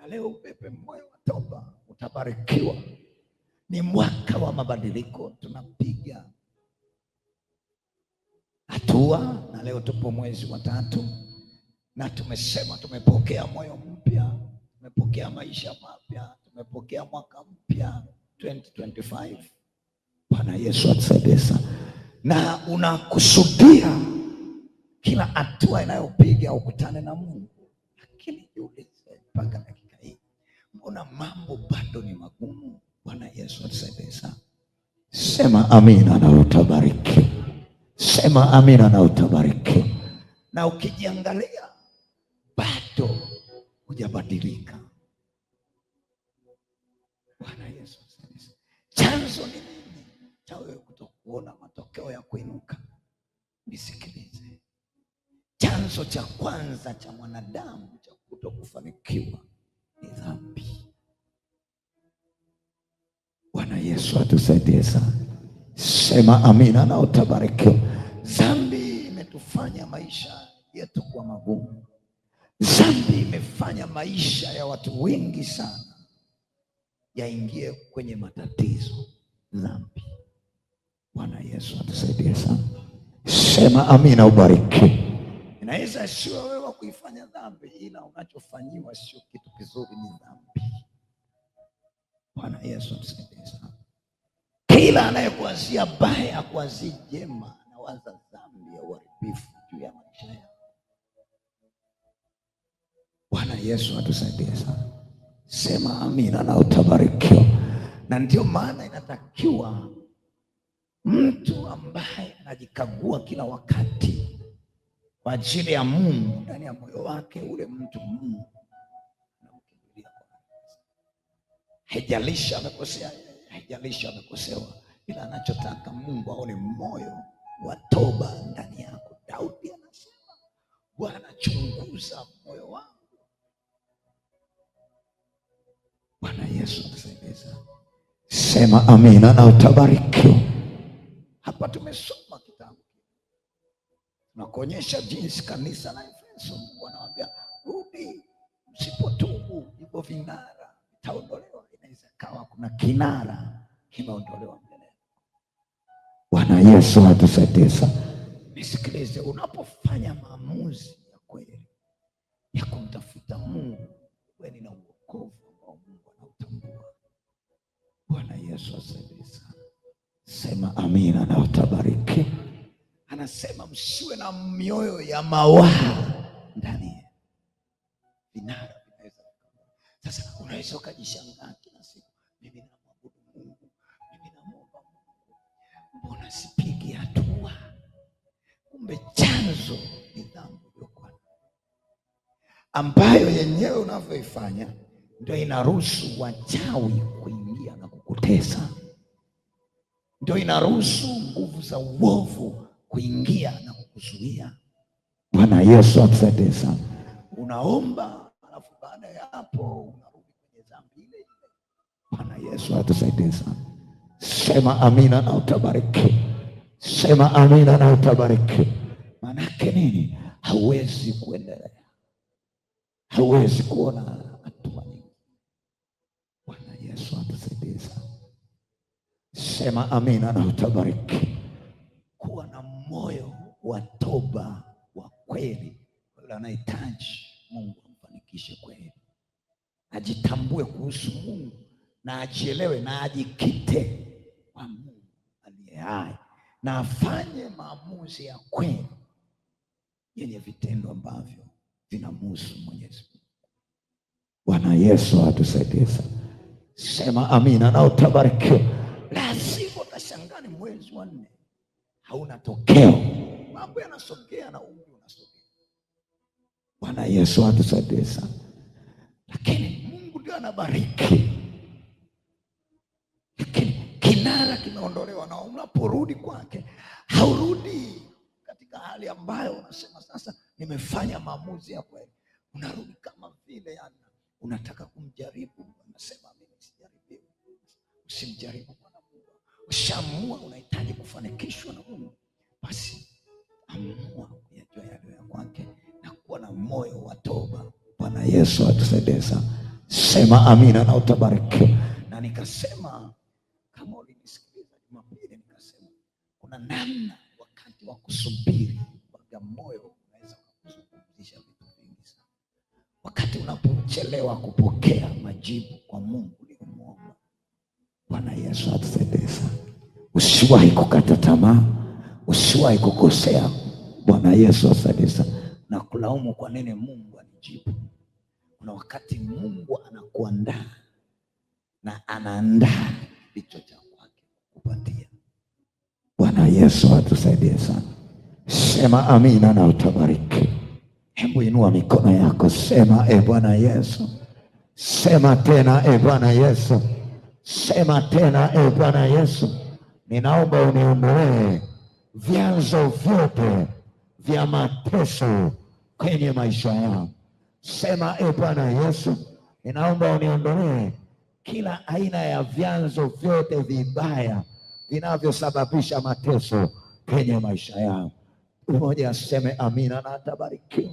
na leo ubebe moyo wa toba, utabarikiwa. Ni mwaka wa mabadiliko, tunapiga hatua, na leo tupo mwezi wa tatu na tumesema tumepokea moyo mpya, tumepokea maisha mapya, tumepokea mwaka mpya 2025. Bwana Yesu atusaidie sana, na unakusudia kila hatua inayopiga ukutane na Mungu, lakini jiulize mpaka Mbona mambo bado ni magumu? Bwana Yesu atusaidie sana. Sema amina na utabariki. Sema amina na utabariki. Na ukijiangalia bado hujabadilika. Bwana Yesu atusaidie. Chanzo ni nini cha wewe kutokuona matokeo ya kuinuka? Nisikilize, chanzo cha kwanza cha mwanadamu cha kutokufanikiwa Yesu atusaidie sana. Sema amina na utabarikiwa. Dhambi imetufanya maisha yetu kuwa magumu. Dhambi imefanya maisha ya watu wengi sana yaingie kwenye matatizo. Dhambi. Bwana Yesu atusaidie sana. Sema amina, ubariki. Inaweza sio wewe wa kuifanya dhambi, ila unachofanyiwa sio kitu kizuri, ni dhambi. Bwana Yesu atusaidie sana. Kila anayekuazia baya akuazii jema, anawaza dhambi ya uharibifu juu ya maisha yao. Bwana Yesu atusaidie sana. Sema amina na utabarikiwa. Na ndio maana inatakiwa mtu ambaye anajikagua kila wakati kwa ajili ya Mungu, ndani ya moyo wake ule mtu Mungu haijalishi amekosea haijalishi amekosewa, ila anachotaka Mungu aone moyo wa toba ndani yako. Daudi anasema Bwana, chunguza moyo wangu. Bwana Yesu anasemeza Sema amina na utabarikiwa. Hapa tumesoma kitabu nakuonyesha jinsi kanisa la Efeso, Mungu anawaambia rudi, msipotubu hivyo vinara vitaondolewa na kinara kimeondolewa mbele. Bwana Yesu atusaidie sana. Nisikilize, unapofanya maamuzi ya kweli ya kumtafuta Mungu, weni na uokovu ambao Mungu anautambua. Bwana Yesu asaidie sana. Sema amina na utabariki. Anasema msiwe na mioyo ya mawaa ndani vinara vinaweza. Sasa unaweza ukajishangaa mimi namwabudu Mungu, mimi namwomba Mungu, mbona sipigi hatua? Kumbe chanzo ni dhambi ambayo yenyewe unavyoifanya ndio inaruhusu wachawi kuingia na kukutesa, ndio inaruhusu nguvu za uovu kuingia na kukuzuia. Bwana Yesu atusaidie sana. Unaomba alafu baada ya hapo unarudi kwenye dhambi ile ile. Bwana Yesu atusaidie sana. Sema amina na utabariki, sema amina na utabariki. Maanake nini? Hauwezi kuendelea, hauwezi kuona hatua nyingi. Bwana Yesu atusaidie sana. Sema amina na utabariki. Kuwa na moyo wa toba wa kweli, anahitaji Mungu amfanikishe kweli, ajitambue kuhusu Mungu na achielewe na ajikite kwa Mungu aliye hai na afanye maamuzi ya kweli yenye vitendo ambavyo vinamuhusu Mwenyezi Mungu. Bwana Yesu atusaidie sana. Sema amina na utabarikiwa. Lazima utashangani, mwezi wa nne hauna tokeo, mambo yanasogea na umri unasogea. Bwana Yesu atusaidie sana, lakini Mungu ndio anabariki kimeondolewa na unaporudi kwake haurudi katika hali ambayo unasema sasa nimefanya maamuzi ya kweli. Unarudi kama vile yani unataka kumjaribu, unasema mimi sijaribiwi. Usimjaribu Bwana Mungu. Ushamua unahitaji kufanikishwa na Mungu, basi amua kuyajua yaliyo ya kwake na kuwa na moyo wa toba. Bwana Yesu atusaidesa Sema amina na utabarikiwa. Na nikasema kama ulinisikia kuna namna wakati wa kusubiri Bagamoyo unaweza kuzungumzisha vitu vingi sana. Wakati unapochelewa kupokea majibu kwa Mungu uliomwomba, Bwana Yesu atusaidie sana. Usiwahi kukata tamaa, usiwahi kukosea. Bwana Yesu atusaidie sana, na kulaumu kwa nini Mungu anijibu. Kuna wakati Mungu anakuandaa na anaandaa licho cha kwake kupatia Bwana Yesu atusaidie sana. Sema amina na utabariki. Hebu inua mikono yako, sema e Bwana Yesu, sema tena e Bwana Yesu, sema tena e Bwana Yesu, ninaomba uniondolee vyanzo vyote vya mateso kwenye maisha yangu. Sema e Bwana Yesu, ninaomba uniondolee kila aina ya vyanzo vyote vibaya vinavyosababisha mateso kwenye maisha yao. Mmoja aseme amina na atabarikiwa.